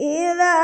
إذا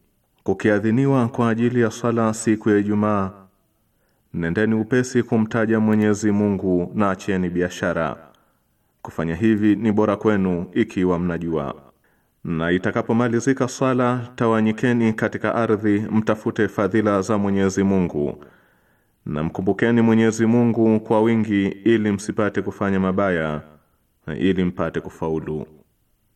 kukiadhiniwa kwa ajili ya sala siku ya Ijumaa, nendeni upesi kumtaja Mwenyezi Mungu na acheni biashara. Kufanya hivi ni bora kwenu ikiwa mnajua. Na itakapomalizika sala, tawanyikeni katika ardhi, mtafute fadhila za Mwenyezi Mungu na mkumbukeni Mwenyezi Mungu kwa wingi, ili msipate kufanya mabaya, ili mpate kufaulu.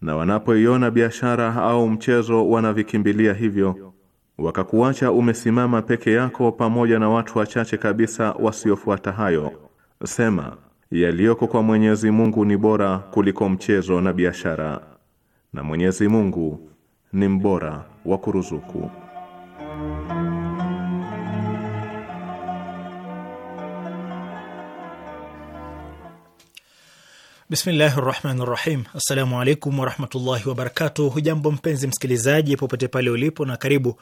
Na wanapoiona biashara au mchezo, wanavikimbilia hivyo wakakuacha umesimama peke yako pamoja na watu wachache kabisa wasiofuata hayo. Sema, yaliyoko kwa Mwenyezi Mungu ni bora kuliko mchezo na biashara, na Mwenyezi Mungu ni mbora wa kuruzuku. Bismillahi rahmani rahim. Assalamu alaikum warahmatullahi wabarakatuh. Hujambo mpenzi msikilizaji, popote pale ulipo, na karibu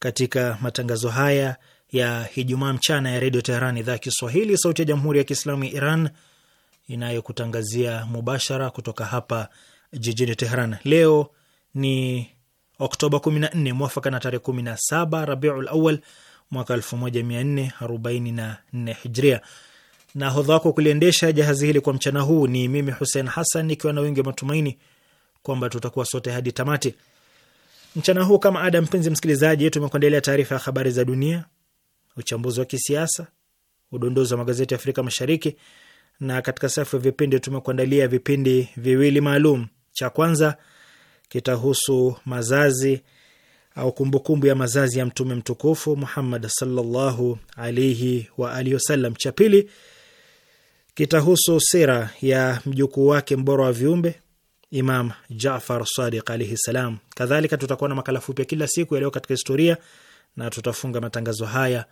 katika matangazo haya ya Ijumaa mchana ya Redio Teheran, idhaa ya Kiswahili, sauti ya Jamhuri ya Kiislamu ya Iran inayokutangazia mubashara kutoka hapa jijini Teheran. Leo ni Oktoba 14 mwafaka na tarehe 17 Rabiul Awal mwaka 1444 Hijria. Nahodha wako kuliendesha jahazi hili kwa mchana huu ni mimi Hussein Hassan, ikiwa na wengi wa matumaini kwamba tutakuwa sote hadi tamati. Mchana huu kama ada, mpenzi msikilizaji, tumekuandalia taarifa ya habari za dunia, uchambuzi wa kisiasa, udondozi wa magazeti ya Afrika Mashariki, na katika safu ya vipindi tumekuandalia vipindi viwili maalum. Cha kwanza kitahusu mazazi au kumbukumbu kumbu ya mazazi ya Mtume mtukufu Muhammad sallallahu alaihi wa alihi wasallam. Cha pili kitahusu sira ya mjukuu wake mbora wa viumbe Imam Jafar Sadiq alaihi salam. Kadhalika tutakuwa na makala fupi ya kila siku yaliyo katika historia na tutafunga matangazo haya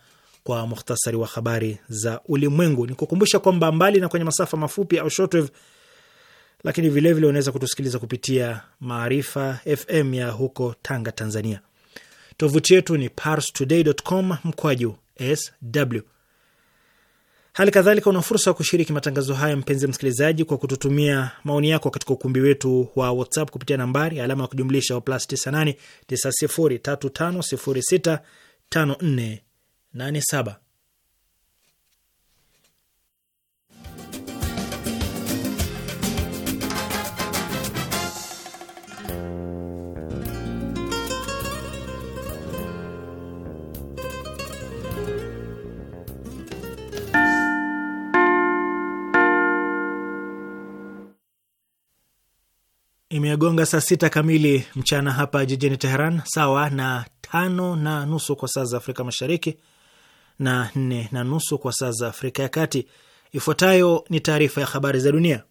kwa muhtasari wa habari za ulimwengu. Ni kukumbusha kwamba mbali na kwenye masafa mafupi au shortwave, lakini vilevile unaweza kutusikiliza kupitia Maarifa FM ya huko Tanga, Tanzania. Tovuti yetu ni parstoday.com mkwaju sw Hali kadhalika una fursa ya kushiriki matangazo haya, mpenzi msikilizaji, kwa kututumia maoni yako katika ukumbi wetu wa WhatsApp kupitia nambari alama ya kujumlisha wa plus 98 9035065487. imegonga saa sita kamili mchana hapa jijini Teheran, sawa na tano na nusu kwa saa za Afrika Mashariki na nne na nusu kwa saa za Afrika ya Kati. Ifuatayo ni taarifa ya habari za dunia,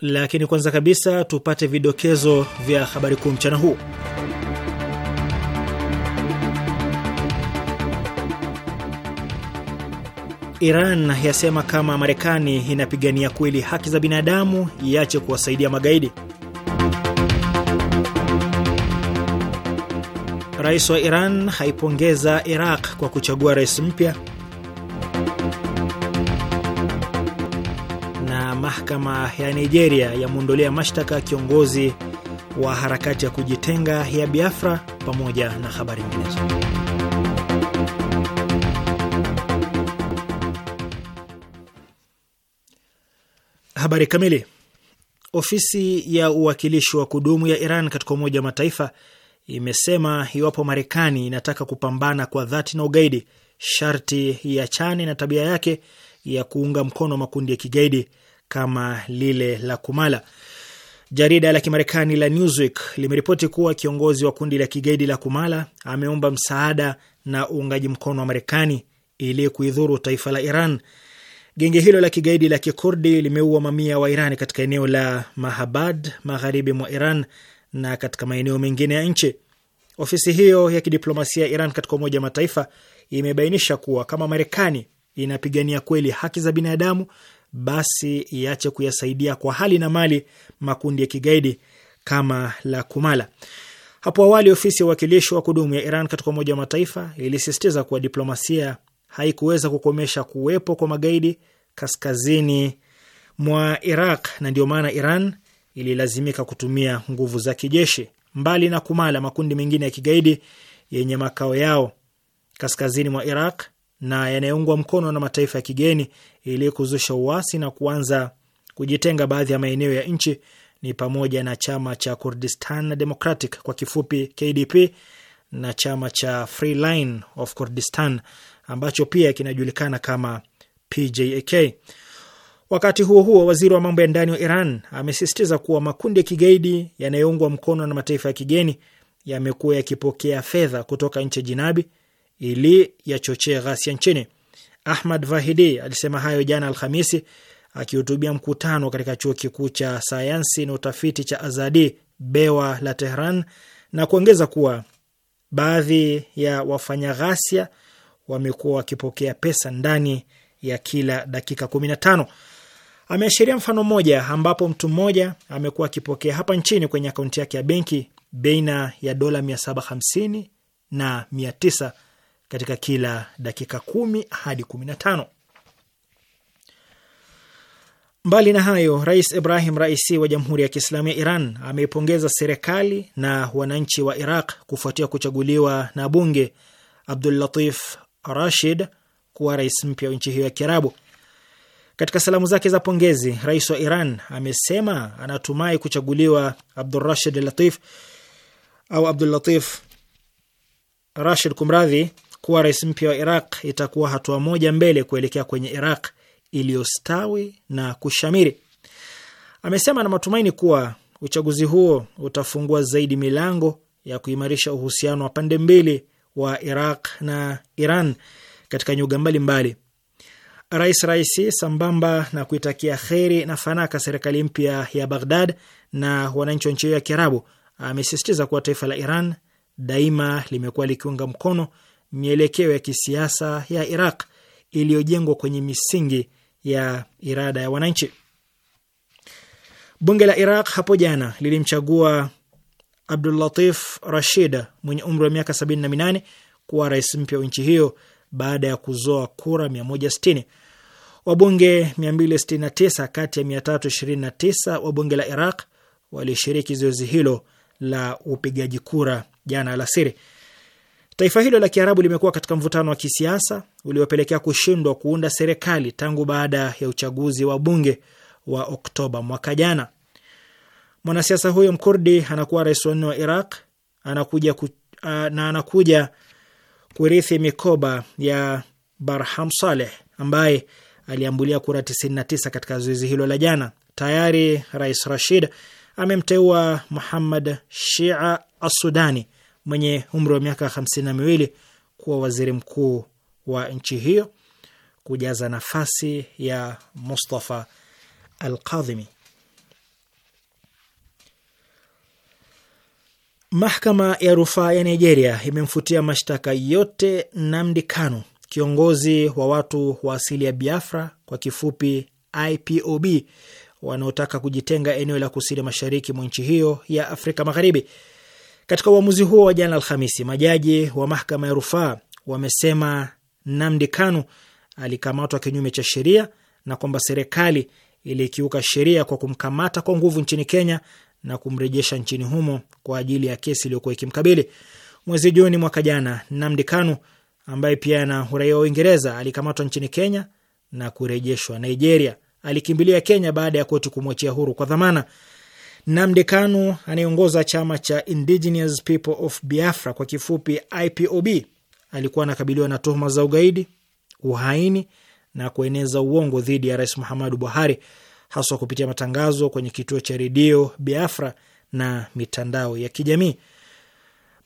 lakini kwanza kabisa tupate vidokezo vya habari kuu mchana huu. Iran yasema kama Marekani inapigania kweli haki za binadamu iache kuwasaidia magaidi. Rais wa Iran haipongeza Iraq kwa kuchagua rais mpya. Na mahakama ya Nigeria yamwondolea mashtaka kiongozi wa harakati ya kujitenga ya Biafra, pamoja na habari nyinginezo. Habari kamili. Ofisi ya uwakilishi wa kudumu ya Iran katika Umoja wa Mataifa imesema iwapo Marekani inataka kupambana kwa dhati na ugaidi, sharti ya chane na tabia yake ya kuunga mkono makundi ya kigaidi kama lile la Kumala. Jarida la Kimarekani la Newsweek limeripoti kuwa kiongozi wa kundi la kigaidi la Kumala ameomba msaada na uungaji mkono wa Marekani ili kuidhuru taifa la Iran Genge hilo la kigaidi la kikurdi limeua mamia wa iran katika eneo la Mahabad magharibi mwa Iran na katika maeneo mengine ya nchi. Ofisi hiyo ya kidiplomasia ya Iran katika Umoja wa Mataifa imebainisha kuwa kama Marekani inapigania kweli haki za binadamu, basi iache kuyasaidia kwa hali na mali makundi ya kigaidi kama la Kumala. Hapo awali ofisi ya uwakilishi wa kudumu ya Iran katika Umoja wa Mataifa ilisisitiza kuwa diplomasia haikuweza kukomesha kuwepo kwa magaidi kaskazini mwa Iraq na ndio maana Iran ililazimika kutumia nguvu za kijeshi. Mbali na Kumala, makundi mengine ya kigaidi yenye makao yao kaskazini mwa Iraq na yanayoungwa mkono na mataifa ya kigeni ili kuzusha uasi na kuanza kujitenga baadhi ya maeneo ya nchi ni pamoja na chama cha Kurdistan Democratic kwa kifupi KDP na chama cha Free Line of Kurdistan ambacho pia kinajulikana kama PJAK. Wakati huo huo, waziri wa mambo ya ndani wa Iran amesisitiza kuwa makundi ya kigaidi yanayoungwa mkono na mataifa ya kigeni yamekuwa yakipokea fedha kutoka nchi jinabi ili yachochee ghasia nchini. Ahmad Vahidi alisema hayo jana Alhamisi akihutubia mkutano katika chuo kikuu cha sayansi na utafiti cha Azadi bewa la Tehran na kuongeza kuwa baadhi ya wafanya ghasia wamekuwa wakipokea pesa ndani ya kila dakika 15. Ameashiria mfano mmoja ambapo mtu mmoja amekuwa akipokea hapa nchini kwenye akaunti yake ya benki baina ya dola hamsini na tisa katika kila dakika kumi hadi tano. Mbali na hayo, Rais Ibrahim Raisi wa Jamhuri ya Kiislamu ya Iran ameipongeza serikali na wananchi wa Iraq kufuatia kuchaguliwa na bunge Abdul Latif Rashid kuwa rais mpya wa nchi hiyo ya Kiarabu. Katika salamu zake za pongezi, rais wa Iran amesema anatumai kuchaguliwa Abdurashid Latif au Abdulatif Rashid, kumradhi, kuwa rais mpya wa Iraq itakuwa hatua moja mbele kuelekea kwenye Iraq iliyostawi na kushamiri. Amesema na matumaini kuwa uchaguzi huo utafungua zaidi milango ya kuimarisha uhusiano wa pande mbili wa Iraq na Iran katika nyuga mbalimbali. Rais Raisi, sambamba na kuitakia kheri na fanaka serikali mpya ya Baghdad na wananchi wa nchi hiyo ya Kiarabu, amesisitiza kuwa taifa la Iran daima limekuwa likiunga mkono mielekeo ya kisiasa ya Iraq iliyojengwa kwenye misingi ya irada ya wananchi. Bunge la Iraq hapo jana lilimchagua Abdulatif Rashid mwenye umri wa miaka 78 kuwa rais mpya wa nchi hiyo baada ya kuzoa kura 160. Wabunge 269 kati ya 329 wa bunge la Iraq walishiriki zoezi hilo la upigaji kura jana alasiri. Taifa hilo la Kiarabu limekuwa katika mvutano wa kisiasa uliopelekea kushindwa kuunda serikali tangu baada ya uchaguzi wa bunge wa Oktoba mwaka jana. Mwanasiasa huyo mkurdi anakuwa rais wa nne wa Iraq anakuja ku, uh, na anakuja kurithi mikoba ya Barham Saleh ambaye aliambulia kura 99 katika zoezi hilo la jana. Tayari Rais Rashid amemteua Muhammad Shia Assudani mwenye umri wa miaka hamsini na miwili kuwa waziri mkuu wa nchi hiyo kujaza nafasi ya Mustafa Alkadhimi. Mahakama ya rufaa ya Nigeria imemfutia mashtaka yote Namdi Kanu, kiongozi wa watu wa asili ya Biafra, kwa kifupi IPOB, wanaotaka kujitenga eneo la kusini mashariki mwa nchi hiyo ya Afrika Magharibi. Katika uamuzi huo wa jana Alhamisi, majaji wa mahakama ya rufaa wamesema Namdi Kanu alikamatwa kinyume cha sheria na kwamba serikali ilikiuka sheria kwa kumkamata kwa nguvu nchini Kenya na kumrejesha nchini humo kwa ajili ya kesi iliyokuwa ikimkabili. Mwezi Juni mwaka jana, Namdi Kanu ambaye pia ana uraia wa Uingereza alikamatwa nchini Kenya na kurejeshwa Nigeria. Alikimbilia Kenya baada ya koti kumwachia huru kwa dhamana. Namdi Kanu anayeongoza chama cha Indigenous People of Biafra, kwa kifupi IPOB, alikuwa anakabiliwa na tuhuma za ugaidi, uhaini na kueneza uongo dhidi ya Rais Muhammadu Buhari haswa kupitia matangazo kwenye kituo cha redio Biafra na mitandao ya kijamii.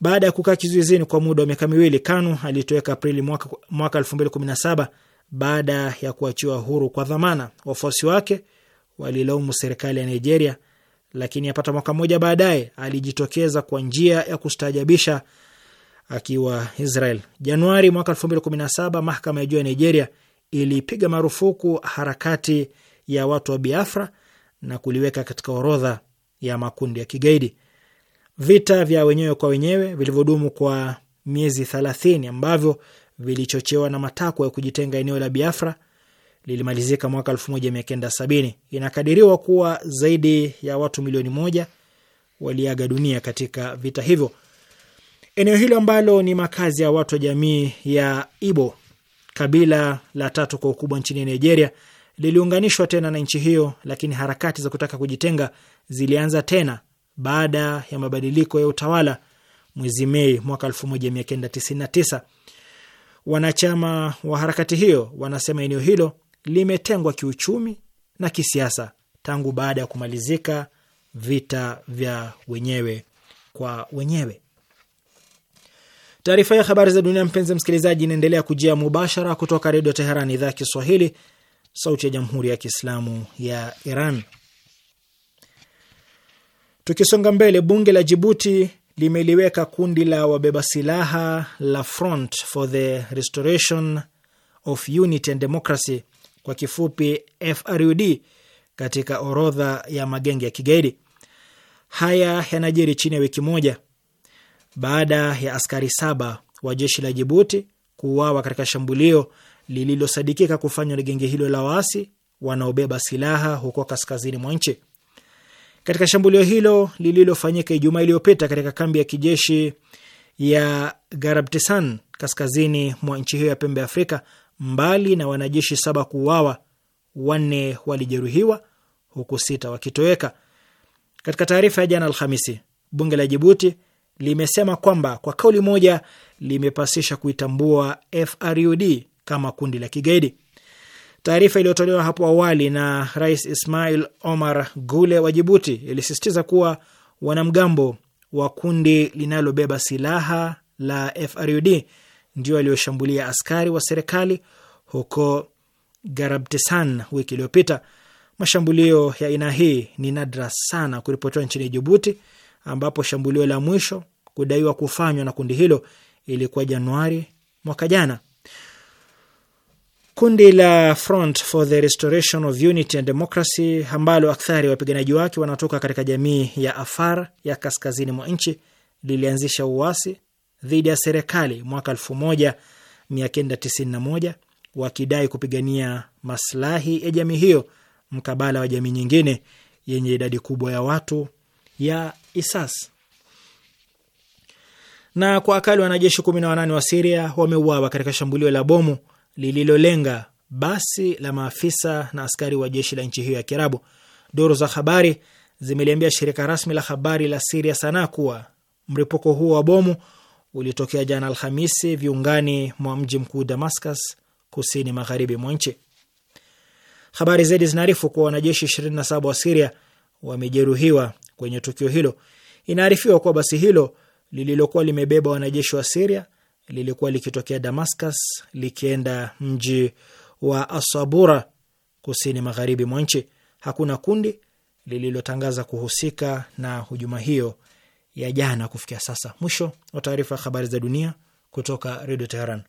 Baada ya kukaa kizuizini kwa muda wa miaka miwili, Kanu alitoweka Aprili mwaka, 2017 baada ya kuachiwa huru kwa dhamana. Wafuasi wake walilaumu serikali ya Nigeria, lakini yapata mwaka mmoja baadaye alijitokeza kwa njia ya kustaajabisha akiwa Israel. Januari mwaka 2017 mahakama ya juu ya Nigeria ilipiga marufuku harakati ya watu wa Biafra na kuliweka katika orodha ya makundi ya kigaidi. Vita vya wenyewe kwa wenyewe vilivyodumu kwa miezi thelathini ambavyo vilichochewa na matakwa ya kujitenga eneo la Biafra lilimalizika mwaka elfu moja mia kenda sabini. Inakadiriwa kuwa zaidi ya watu milioni moja waliaga dunia katika vita hivyo. Eneo hilo ambalo ni makazi ya watu wa jamii ya Ibo, kabila la tatu kwa ukubwa nchini Nigeria, liliunganishwa tena na nchi hiyo, lakini harakati za kutaka kujitenga zilianza tena baada ya mabadiliko ya utawala mwezi Mei mwaka 1999. Wanachama wa harakati hiyo wanasema eneo hilo limetengwa kiuchumi na kisiasa tangu baada ya kumalizika vita vya wenyewe kwa wenyewe. Taarifa ya habari za dunia, mpenzi msikilizaji, inaendelea kujia mubashara kutoka Redio Teheran, idhaa ya Kiswahili, sauti ya jamhuri ya kiislamu ya Iran. Tukisonga mbele, bunge la Jibuti limeliweka kundi la wabeba silaha la Front for the Restoration of Unity and Democracy, kwa kifupi FRUD, katika orodha ya magenge ya kigaidi. Haya yanajiri chini ya wiki moja baada ya askari saba wa jeshi la Jibuti kuuawa katika shambulio lililosadikika kufanywa na genge hilo la waasi wanaobeba silaha huko kaskazini mwa nchi. Katika shambulio hilo lililofanyika Ijumaa iliyopita katika kambi ya kijeshi ya Garabtisan kaskazini mwa nchi hiyo ya pembe ya Afrika, mbali na wanajeshi saba kuuawa, wanne walijeruhiwa huku sita wakitoweka. Katika taarifa ya jana Alhamisi, bunge la Jibuti limesema kwamba kwa kauli moja limepasisha kuitambua FRUD kama kundi la kigaidi. Taarifa iliyotolewa hapo awali na Rais Ismail Omar Gule wa Jibuti ilisisitiza kuwa wanamgambo wa kundi linalobeba silaha la FRUD ndio walioshambulia askari wa serikali huko Garabtesan wiki iliyopita. Mashambulio ya aina hii ni nadra sana kuripotiwa nchini Jibuti, ambapo shambulio la mwisho kudaiwa kufanywa na kundi hilo ilikuwa Januari mwaka jana. Kundi la Front for the Restoration of Unity and Democracy ambalo akthari ya wapiganaji wake wanatoka katika jamii ya Afar ya kaskazini mwa nchi lilianzisha uasi dhidi ya serikali mwaka 1991 wakidai kupigania maslahi ya jamii hiyo mkabala wa jamii nyingine yenye idadi kubwa ya watu ya Isas. Na kwa akali wanajeshi 18 wa Siria wameuawa katika shambulio la bomu lililolenga basi la maafisa na askari wa jeshi la nchi hiyo ya Kiarabu. Duru za habari zimeliambia shirika rasmi la habari la Siria Sanaa kuwa mripuko huo wa bomu ulitokea jana Alhamisi viungani mwa mji mkuu Damascus, kusini magharibi mwa nchi. Habari zaidi zinaarifu kuwa wanajeshi 27 wa Siria wamejeruhiwa kwenye tukio hilo. Inaarifiwa kuwa basi hilo lililokuwa limebeba wanajeshi wa Siria lilikuwa likitokea Damascus likienda mji wa Asabura kusini magharibi mwa nchi. Hakuna kundi lililotangaza kuhusika na hujuma hiyo ya jana kufikia sasa. Mwisho wa taarifa ya habari za dunia kutoka Redio Teheran.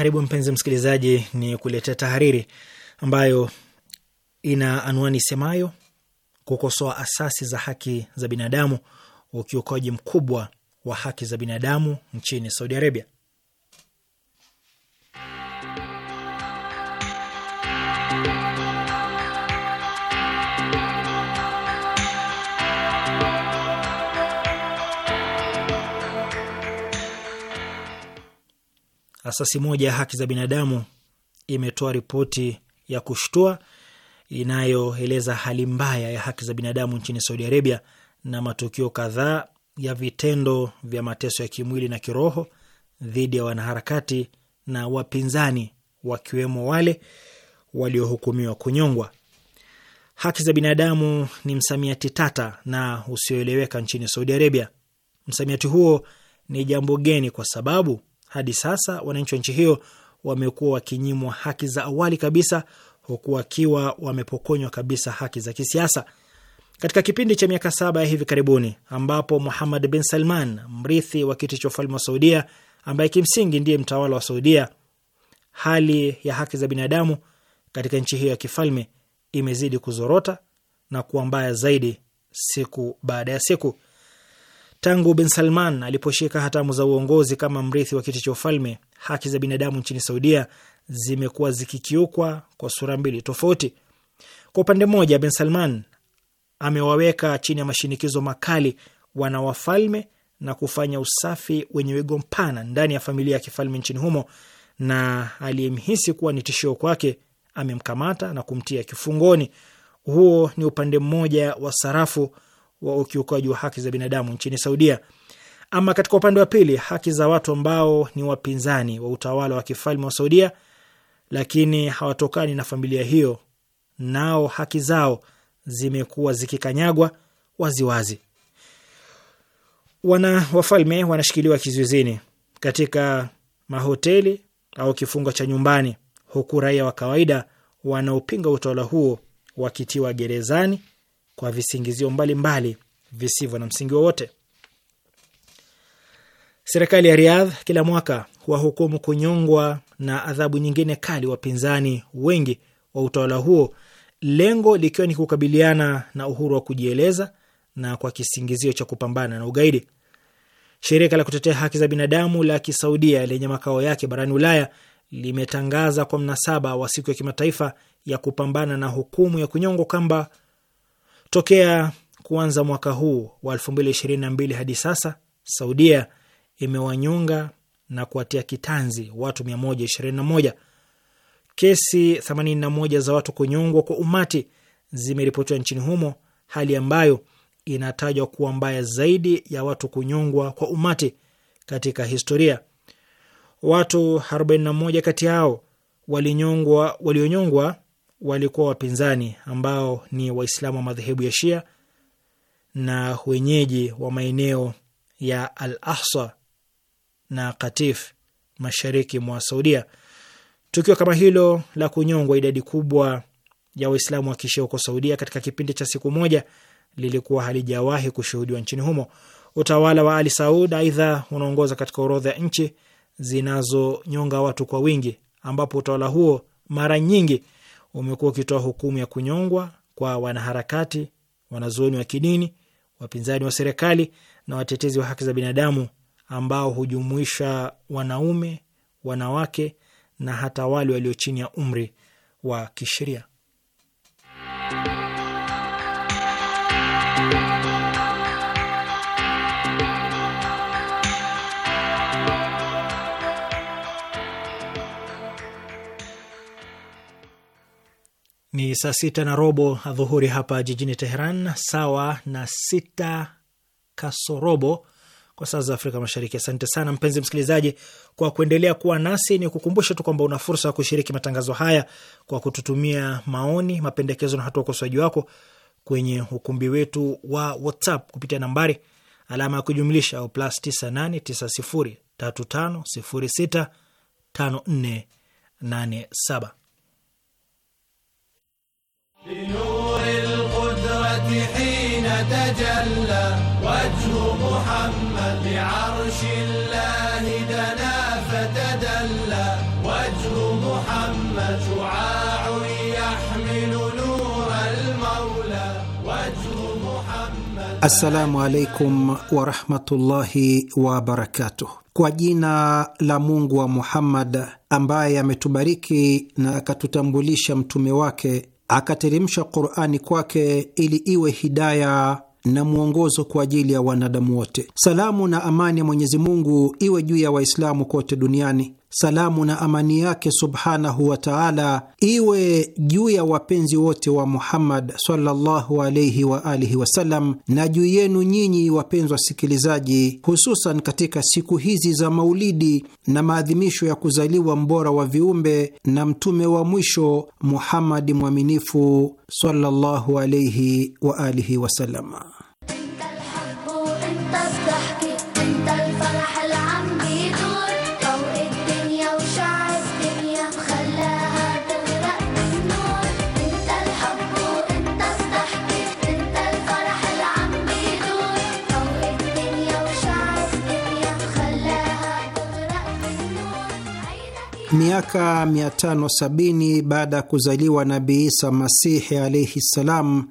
Karibu mpenzi msikilizaji, ni kuletea tahariri ambayo ina anwani semayo kukosoa asasi za haki za binadamu, ukiukaji mkubwa wa haki za binadamu nchini Saudi Arabia. Asasi moja ya haki za binadamu imetoa ripoti ya kushtua inayoeleza hali mbaya ya haki za binadamu nchini Saudi Arabia na matukio kadhaa ya vitendo vya mateso ya kimwili na kiroho dhidi ya wanaharakati na wapinzani, wakiwemo wale waliohukumiwa kunyongwa. Haki za binadamu ni msamiati tata na usioeleweka nchini Saudi Arabia. Msamiati huo ni jambo geni kwa sababu hadi sasa wananchi wa nchi hiyo wamekuwa wakinyimwa haki za awali kabisa, huku wakiwa wamepokonywa kabisa haki za kisiasa katika kipindi cha miaka saba ya hivi karibuni, ambapo Muhammad bin Salman, mrithi wa kiti cha ufalme wa Saudia, ambaye kimsingi ndiye mtawala wa Saudia, hali ya haki za binadamu katika nchi hiyo ya kifalme imezidi kuzorota na kuwa mbaya zaidi siku baada ya siku. Tangu Bin Salman aliposhika hatamu za uongozi kama mrithi wa kiti cha ufalme, haki za binadamu nchini Saudia zimekuwa zikikiukwa kwa sura mbili tofauti. Kwa upande mmoja, Bin Salman amewaweka chini ya mashinikizo makali wana wafalme na kufanya usafi wenye wigo mpana ndani ya familia ya kifalme nchini humo, na aliyemhisi kuwa ni tishio kwake amemkamata na kumtia kifungoni. Huo ni upande mmoja wa sarafu wa ukiukaji wa haki za binadamu nchini Saudia. Ama katika upande wa pili, haki za watu ambao ni wapinzani wa utawala wa kifalme wa Saudia lakini hawatokani na familia hiyo, nao haki zao zimekuwa zikikanyagwa waziwazi. Wana wafalme wanashikiliwa kizuizini katika mahoteli au kifungo cha nyumbani, huku raia wa kawaida wanaopinga utawala huo wakitiwa gerezani kwa visingizio mbalimbali visivyo na msingi wowote. Serikali ya Riyadh kila mwaka huwahukumu kunyongwa na adhabu nyingine kali wapinzani wengi wa utawala huo, lengo likiwa ni kukabiliana na uhuru wa kujieleza na kwa kisingizio cha kupambana na ugaidi. Shirika la kutetea haki za binadamu la Kisaudia lenye makao yake barani Ulaya limetangaza kwa mnasaba wa siku ya kimataifa ya kupambana na hukumu ya kunyongwa kwamba Tokea kuanza mwaka huu wa 2022 hadi sasa, Saudia imewanyonga na kuwatia kitanzi watu 121. Kesi 81 za watu kunyongwa kwa umati zimeripotiwa nchini humo, hali ambayo inatajwa kuwa mbaya zaidi ya watu kunyongwa kwa umati katika historia. Watu 41 kati yao walionyongwa walikuwa wapinzani ambao ni Waislamu wa madhehebu ya Shia na wenyeji wa maeneo ya Al Ahsa na Katif mashariki mwa Saudia. Tukio kama hilo la kunyongwa idadi kubwa ya Waislamu wa Kishia huko Saudia katika kipindi cha siku moja lilikuwa halijawahi kushuhudiwa nchini humo. Utawala wa Ali Saud aidha unaongoza katika orodha ya nchi zinazonyonga watu kwa wingi, ambapo utawala huo mara nyingi umekuwa ukitoa hukumu ya kunyongwa kwa wanaharakati, wanazuoni wa kidini, wapinzani wa serikali na watetezi wa haki za binadamu ambao hujumuisha wanaume, wanawake na hata wale walio chini ya umri wa kisheria. Ni saa sita na robo adhuhuri hapa jijini Teheran, sawa na sita kasorobo kwa saa za Afrika Mashariki. Asante sana mpenzi msikilizaji kwa kuendelea kuwa nasi. Ni kukumbusha tu kwamba una fursa ya kushiriki matangazo haya kwa kututumia maoni, mapendekezo na hatua ukosoaji wako kwenye ukumbi wetu wa WhatsApp kupitia nambari alama ya kujumlisha au plus 989035065487. لنور القدرة حين تجلى وجه محمد لعرش الله دنا فتدلى وجه محمد شعاع يحمل نور المولى وجه محمد السلام عليكم ورحمة الله وبركاته Kwa jina la Mungu wa Muhammad ambaye ametubariki na akatutambulisha mtume wake akateremsha Qur'ani kwake ili iwe hidaya na mwongozo kwa ajili ya wanadamu wote. Salamu na amani ya Mwenyezi Mungu iwe juu ya Waislamu kote duniani salamu na amani yake subhanahu wa taala iwe juu ya wapenzi wote wa Muhammad sallallahu alaihi wa alihi wasallam na juu yenu nyinyi wapenzi wasikilizaji, hususan katika siku hizi za maulidi na maadhimisho ya kuzaliwa mbora wa viumbe na mtume wa mwisho Muhammadi mwaminifu sallallahu alaihi wa alihi wasallam. Miaka 570 baada ya kuzaliwa Nabi Isa Masihi alaihi ssalam,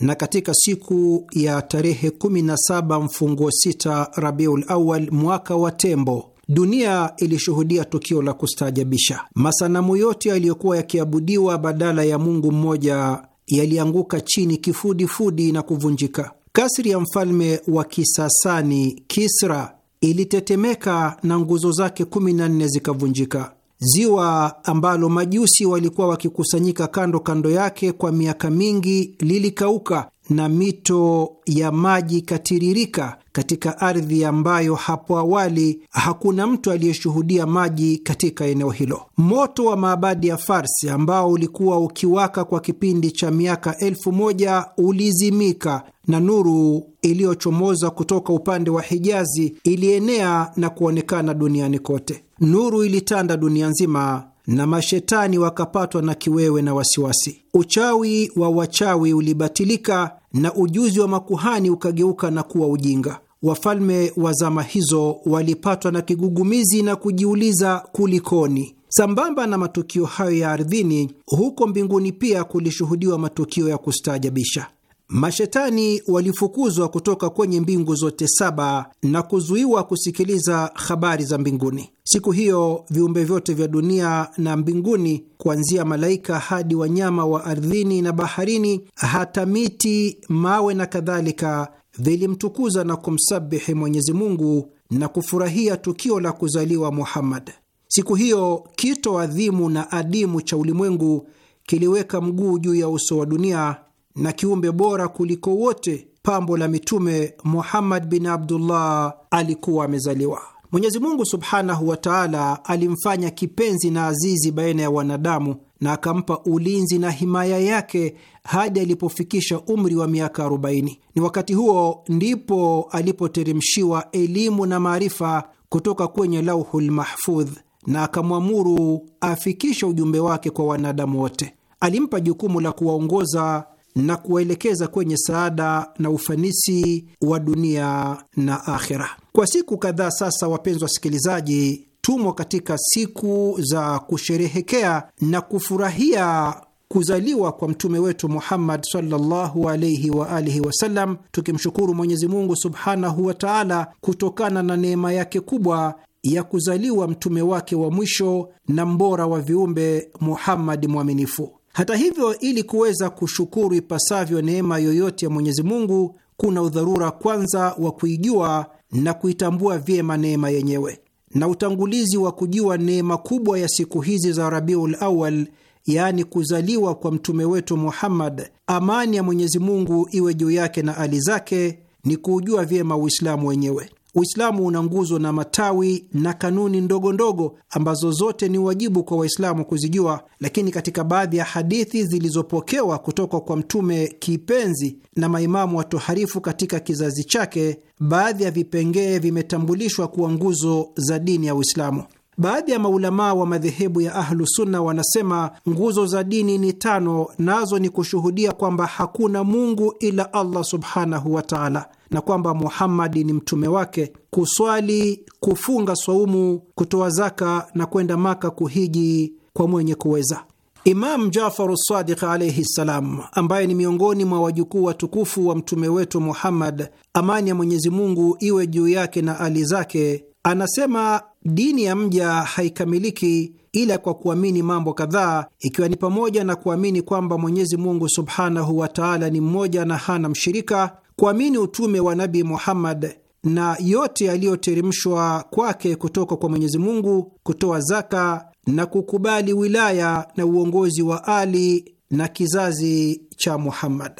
na katika siku ya tarehe 17 mfunguo 6 Rabiul Awal mwaka wa tembo dunia ilishuhudia tukio la kustaajabisha. Masanamu yote yaliyokuwa yakiabudiwa badala ya Mungu mmoja yalianguka chini kifudifudi na kuvunjika. Kasri ya mfalme wa Kisasani Kisra ilitetemeka na nguzo zake kumi na nne zikavunjika. Ziwa ambalo majusi walikuwa wakikusanyika kando kando yake kwa miaka mingi lilikauka na mito ya maji katiririka katika ardhi ambayo hapo awali hakuna mtu aliyeshuhudia maji katika eneo hilo. Moto wa maabadi ya Farsi ambao ulikuwa ukiwaka kwa kipindi cha miaka elfu moja ulizimika na nuru iliyochomoza kutoka upande wa Hijazi ilienea na kuonekana duniani kote. Nuru ilitanda dunia nzima na mashetani wakapatwa na kiwewe na wasiwasi. Uchawi wa wachawi ulibatilika na ujuzi wa makuhani ukageuka na kuwa ujinga. Wafalme wa zama hizo walipatwa na kigugumizi na kujiuliza kulikoni. Sambamba na matukio hayo ya ardhini, huko mbinguni pia kulishuhudiwa matukio ya kustaajabisha. Mashetani walifukuzwa kutoka kwenye mbingu zote saba na kuzuiwa kusikiliza habari za mbinguni. Siku hiyo viumbe vyote vya dunia na mbinguni, kuanzia malaika hadi wanyama wa ardhini na baharini, hata miti, mawe na kadhalika, vilimtukuza na kumsabihi Mwenyezi Mungu na kufurahia tukio la kuzaliwa Muhammad. Siku hiyo kito adhimu na adimu cha ulimwengu kiliweka mguu juu ya uso wa dunia na kiumbe bora kuliko wote, pambo la mitume Muhammad bin Abdullah alikuwa amezaliwa. Mwenyezi Mungu subhanahu wa taala alimfanya kipenzi na azizi baina ya wanadamu na akampa ulinzi na himaya yake hadi alipofikisha umri wa miaka 40. Ni wakati huo ndipo alipoteremshiwa elimu na maarifa kutoka kwenye Lauhul Mahfudh na akamwamuru afikishe ujumbe wake kwa wanadamu wote. Alimpa jukumu la kuwaongoza na kuwaelekeza kwenye saada na ufanisi wa dunia na akhera. Kwa siku kadhaa sasa, wapenzi wasikilizaji, tumo katika siku za kusherehekea na kufurahia kuzaliwa kwa mtume wetu Muhammad sallallahu alaihi wa alihi wasallam, tukimshukuru Mwenyezi Mungu subhanahu wa taala kutokana na neema yake kubwa ya kuzaliwa mtume wake wa mwisho na mbora wa viumbe Muhammadi mwaminifu. Hata hivyo, ili kuweza kushukuru ipasavyo neema yoyote ya Mwenyezi Mungu, kuna udharura kwanza wa kuijua na kuitambua vyema neema yenyewe, na utangulizi wa kujua neema kubwa ya siku hizi za Rabiul Awal, yaani kuzaliwa kwa mtume wetu Muhammad, amani ya Mwenyezi Mungu iwe juu yake na ali zake, ni kuujua vyema Uislamu wenyewe. Uislamu una nguzo na matawi na kanuni ndogo ndogo ambazo zote ni wajibu kwa Waislamu kuzijua, lakini katika baadhi ya hadithi zilizopokewa kutoka kwa mtume kipenzi na maimamu watoharifu katika kizazi chake, baadhi ya vipengee vimetambulishwa kuwa nguzo za dini ya Uislamu. Baadhi ya maulamaa wa madhehebu ya Ahlusunna wanasema nguzo za dini ni tano, nazo ni kushuhudia kwamba hakuna Mungu ila Allah subhanahu wa taala na kwamba Muhammadi ni mtume wake, kuswali, kufunga swaumu, kutoa zaka na kwenda Maka kuhiji kwa mwenye kuweza. Imam Jafaru Sadiq alaihi ssalam, ambaye ni miongoni mwa wajukuu watukufu wa mtume wetu Muhammad, amani ya Mwenyezi Mungu iwe juu yake na ali zake, anasema Dini ya mja haikamiliki ila kwa kuamini mambo kadhaa, ikiwa ni pamoja na kuamini kwamba Mwenyezi Mungu subhanahu wa taala ni mmoja na hana mshirika, kuamini utume wa Nabi Muhammad na yote yaliyoteremshwa kwake kutoka kwa Mwenyezi Mungu, kutoa zaka na kukubali wilaya na uongozi wa Ali na kizazi cha Muhammad.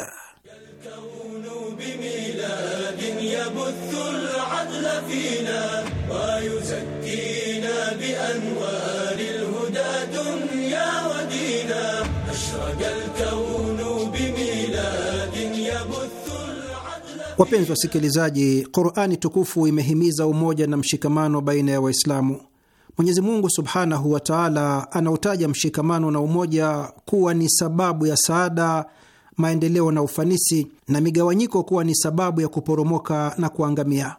بأنوار الهدى دنيا ودينا أشرق الكون بميلاد يبث Wapenzi wasikilizaji, Qurani tukufu imehimiza umoja na mshikamano baina ya Waislamu. Mwenyezi Mungu subhanahu wa taala anautaja mshikamano na umoja kuwa ni sababu ya saada, maendeleo na ufanisi, na migawanyiko kuwa ni sababu ya kuporomoka na kuangamia.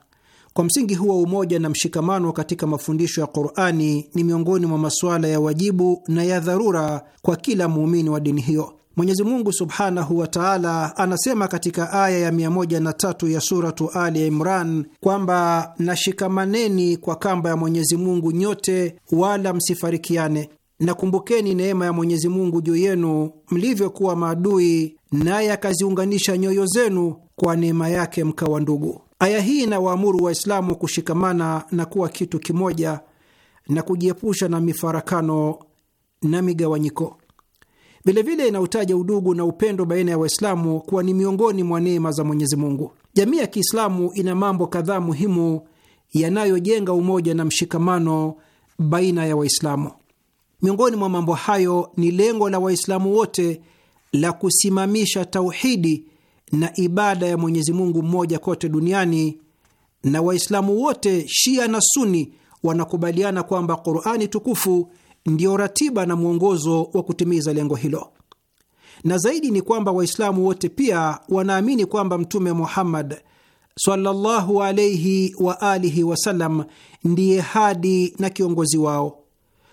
Kwa msingi huo, umoja na mshikamano katika mafundisho ya Qur'ani ni miongoni mwa masuala ya wajibu na ya dharura kwa kila muumini wa dini hiyo. Mwenyezi Mungu Subhanahu wa Ta'ala anasema katika aya ya 103 ya suratu Ali Imran kwamba nashikamaneni kwa kamba ya Mwenyezi Mungu nyote, wala msifarikiane, na kumbukeni neema ya Mwenyezi Mungu juu yenu mlivyokuwa maadui, naye akaziunganisha nyoyo zenu kwa neema yake mkawa ndugu. Aya hii inawaamuru Waislamu kushikamana na kuwa kitu kimoja na kujiepusha na mifarakano na migawanyiko. Vilevile inautaja udugu na upendo baina ya Waislamu kuwa ni miongoni mwa neema za Mwenyezi Mungu. Jamii ya Kiislamu ina mambo kadhaa muhimu yanayojenga umoja na mshikamano baina ya Waislamu. Miongoni mwa mambo hayo ni lengo la Waislamu wote la kusimamisha tauhidi na ibada ya Mwenyezi Mungu mmoja kote duniani, na Waislamu wote Shia na Suni wanakubaliana kwamba Qurani tukufu ndiyo ratiba na mwongozo wa kutimiza lengo hilo. Na zaidi ni kwamba Waislamu wote pia wanaamini kwamba Mtume Muhammad sallallahu alaihi wa alihi wasallam ndiye hadi na kiongozi wao.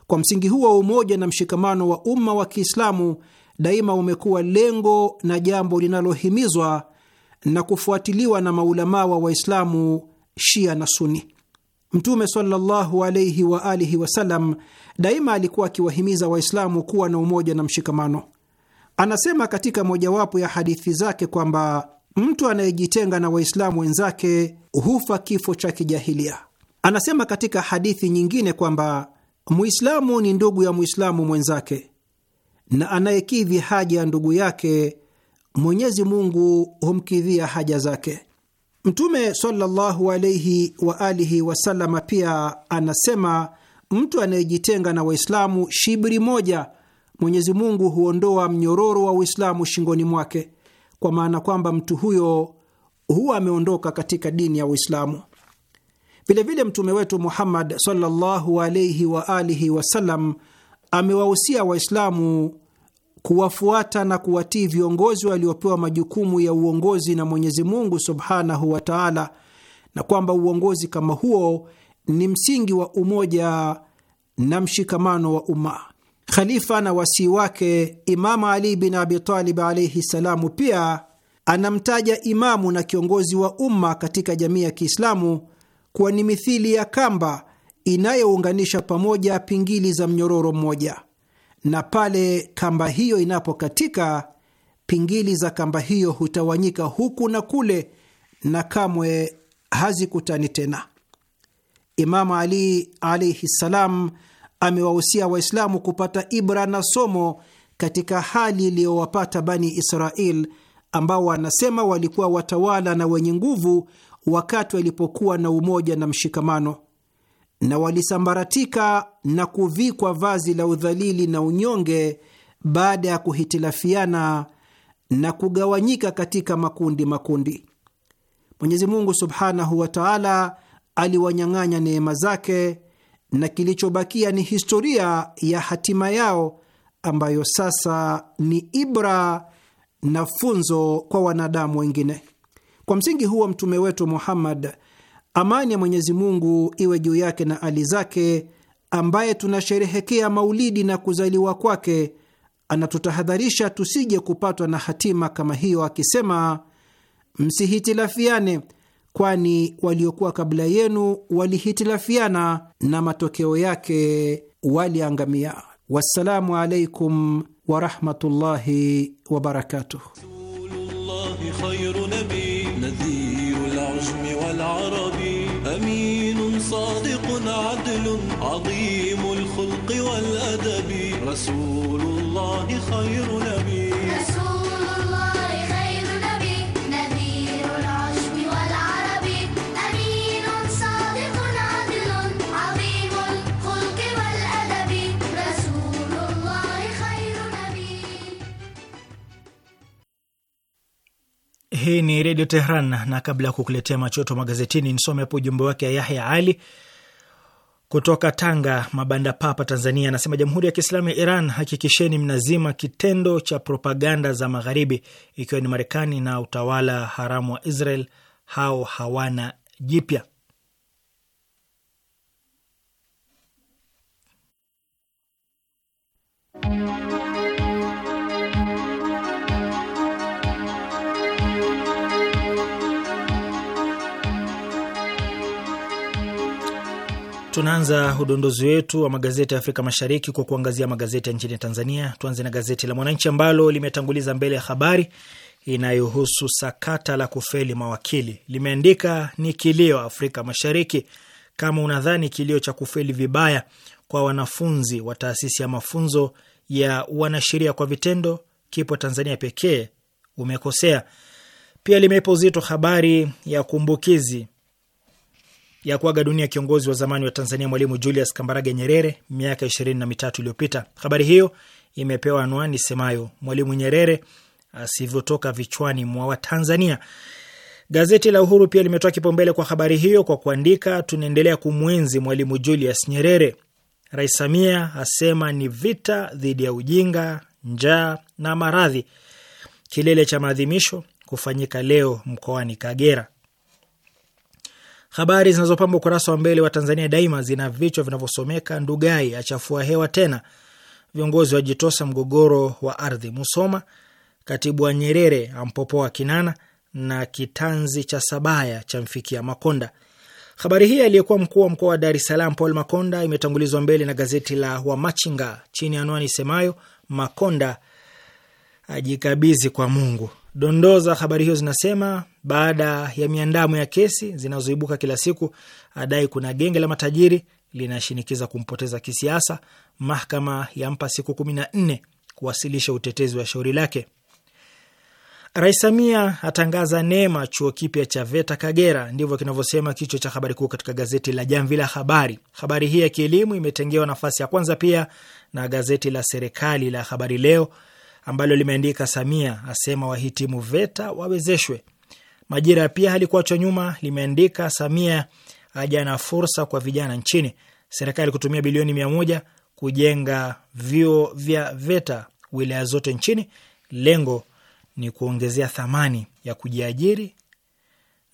Kwa msingi huo wa umoja na mshikamano wa umma wa Kiislamu daima umekuwa lengo na jambo linalohimizwa na kufuatiliwa na maulamaa wa Waislamu Shia na Suni. Mtume sallallahu alayhi wa alihi wasallam daima alikuwa akiwahimiza Waislamu kuwa na umoja na mshikamano. Anasema katika mojawapo ya hadithi zake kwamba mtu anayejitenga na Waislamu wenzake hufa kifo cha kijahilia. Anasema katika hadithi nyingine kwamba Muislamu ni ndugu ya Muislamu mwenzake na anayekidhi haja ya ndugu yake Mwenyezi Mungu humkidhia haja zake. Mtume sallallahu alaihi wa alihi wasalama pia anasema, mtu anayejitenga na Waislamu shibri moja, Mwenyezi Mungu huondoa mnyororo wa Uislamu shingoni mwake, kwa maana kwamba mtu huyo huwa ameondoka katika dini ya Uislamu. Vilevile mtume wetu Muhammad sallallahu alaihi wa alihi wasallam amewahusia Waislamu kuwafuata na kuwatii viongozi waliopewa majukumu ya uongozi na Mwenyezi Mungu subhanahu wa taala, na kwamba uongozi kama huo ni msingi wa umoja na mshikamano wa umma. Khalifa na wasii wake Imamu Ali bin Abitalib alaihi salamu pia anamtaja imamu na kiongozi wa umma katika jamii ya Kiislamu kuwa ni mithili ya kamba inayounganisha pamoja pingili za mnyororo mmoja na pale kamba hiyo inapokatika, pingili za kamba hiyo hutawanyika huku na kule na kamwe hazikutani tena. Imamu Ali alaihi ssalam amewahusia Waislamu kupata ibra na somo katika hali iliyowapata Bani Israel ambao wanasema walikuwa watawala na wenye nguvu wakati walipokuwa na umoja na mshikamano na walisambaratika na kuvikwa vazi la udhalili na unyonge baada ya kuhitilafiana na kugawanyika katika makundi makundi. Mwenyezi Mungu subhanahu wa taala aliwanyang'anya neema zake na kilichobakia ni historia ya hatima yao ambayo sasa ni ibra na funzo kwa wanadamu wengine. Kwa msingi huo, mtume wetu Muhammad Amani ya Mwenyezi Mungu iwe juu yake na ali zake, ambaye tunasherehekea maulidi na kuzaliwa kwake, anatutahadharisha tusije kupatwa na hatima kama hiyo, akisema: msihitilafiane, kwani waliokuwa kabla yenu walihitilafiana na matokeo yake waliangamia. Wassalamu alaikum warahmatullahi wabarakatuh. صادق عدل عظيم الخلق والأدب رسول الله خير نبي Hii ni Redio Tehran, na kabla ya kukuletea machoto magazetini, nisome hapo ujumbe wake ya Yahya Ali kutoka Tanga, Mabanda Papa, Tanzania. Anasema Jamhuri ya Kiislamu ya Iran, hakikisheni mnazima kitendo cha propaganda za Magharibi, ikiwa ni Marekani na utawala haramu wa Israel. Hao hawana jipya. Tunaanza udondozi wetu wa magazeti ya Afrika Mashariki kwa kuangazia magazeti ya nchini Tanzania. Tuanze na gazeti la Mwananchi ambalo limetanguliza mbele ya habari inayohusu sakata la kufeli mawakili. Limeandika ni kilio Afrika Mashariki, kama unadhani kilio cha kufeli vibaya kwa wanafunzi wa taasisi ya mafunzo ya wanasheria kwa vitendo kipo Tanzania pekee, umekosea. Pia limeipa uzito habari ya kumbukizi ya kuaga dunia kiongozi wa zamani wa Tanzania Mwalimu Julius Kambarage Nyerere miaka ishirini na mitatu iliyopita. Habari hiyo imepewa anwani semayo Mwalimu Nyerere asivyotoka vichwani mwa Watanzania. Gazeti la Uhuru pia limetoa kipaumbele kwa habari hiyo kwa kuandika, tunaendelea kumwenzi Mwalimu Julius Nyerere. Rais Samia asema ni vita dhidi ya ujinga, njaa na maradhi. Kilele cha maadhimisho kufanyika leo mkoani Kagera. Habari zinazopamba ukurasa wa mbele wa Tanzania Daima zina vichwa vinavyosomeka: Ndugai achafua hewa tena, viongozi wajitosa mgogoro wa ardhi Musoma, katibu wa Nyerere ampopoa Kinana, na kitanzi cha Sabaya cha mfikia Makonda. Habari hii aliyekuwa mkuu wa mkoa wa Dar es Salaam Paul Makonda imetangulizwa mbele na gazeti la Wamachinga chini ya anwani isemayo Makonda ajikabizi kwa Mungu. Dondoo za habari hiyo zinasema baada ya miandamo ya kesi zinazoibuka kila siku, adai kuna genge la matajiri linashinikiza kumpoteza kisiasa. Mahakama yampa siku kumi na nne kuwasilisha utetezi wa shauri lake. Rais Samia atangaza neema chuo kipya cha VETA Kagera, ndivyo kinavyosema kichwa cha habari kuu katika gazeti la Jamvi la Habari. Habari hii ya kielimu imetengewa nafasi ya kwanza pia na gazeti la serikali la Habari Leo ambalo limeandika Samia asema wahitimu VETA wawezeshwe. Majira pia halikuachwa nyuma, limeandika Samia ajana fursa kwa vijana nchini, serikali kutumia bilioni mia moja kujenga vyuo vya VETA wilaya zote nchini, lengo ni kuongezea thamani ya kujiajiri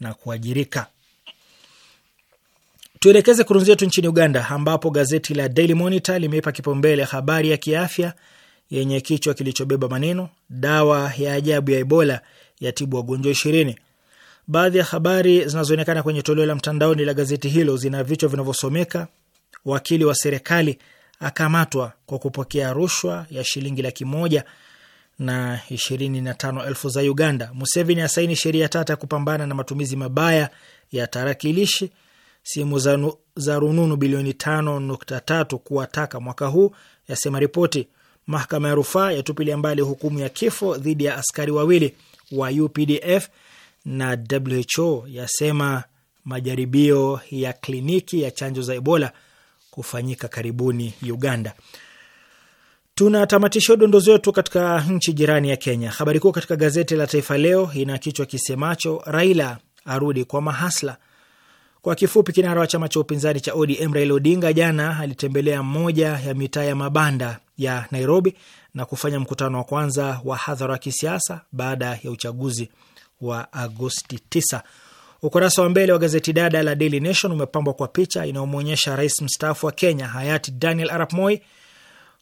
na kuajirika. Tuelekeze kurunzi yetu nchini Uganda, ambapo gazeti la Daily Monitor limeipa kipaumbele habari ya kiafya yenye kichwa kilichobeba maneno dawa ya ajabu ya Ebola yatibu wagonjwa ishirini. Baadhi ya habari zinazoonekana kwenye toleo la mtandaoni la gazeti hilo zina vichwa vinavyosomeka wakili wa serikali akamatwa kwa kupokea rushwa ya shilingi laki moja na ishirini na tano elfu za Uganda. Museveni asaini sheria tata ya kupambana na matumizi mabaya ya tarakilishi, simu za, za rununu bilioni tano nukta tatu kuwataka mwaka huu, yasema ripoti mahakama ya rufaa yatupilia mbali hukumu ya kifo dhidi ya askari wawili wa UPDF na WHO yasema majaribio ya kliniki ya chanjo za Ebola kufanyika karibuni Uganda. Tunatamatisha udondozi wetu katika nchi jirani ya Kenya. Habari kuu katika gazeti la Taifa Leo ina kichwa kisemacho Raila arudi kwa mahasla. Kwa kifupi, kinara wa chama cha upinzani cha ODM Raila Odinga jana alitembelea moja ya mitaa ya mabanda ya Nairobi na kufanya mkutano wa kwanza wa hadhara wa kisiasa baada ya uchaguzi wa Agosti 9. Ukurasa wa mbele wa gazeti dada la Daily Nation umepambwa kwa picha inayomwonyesha rais mstaafu wa Kenya hayati Daniel Arap Moi.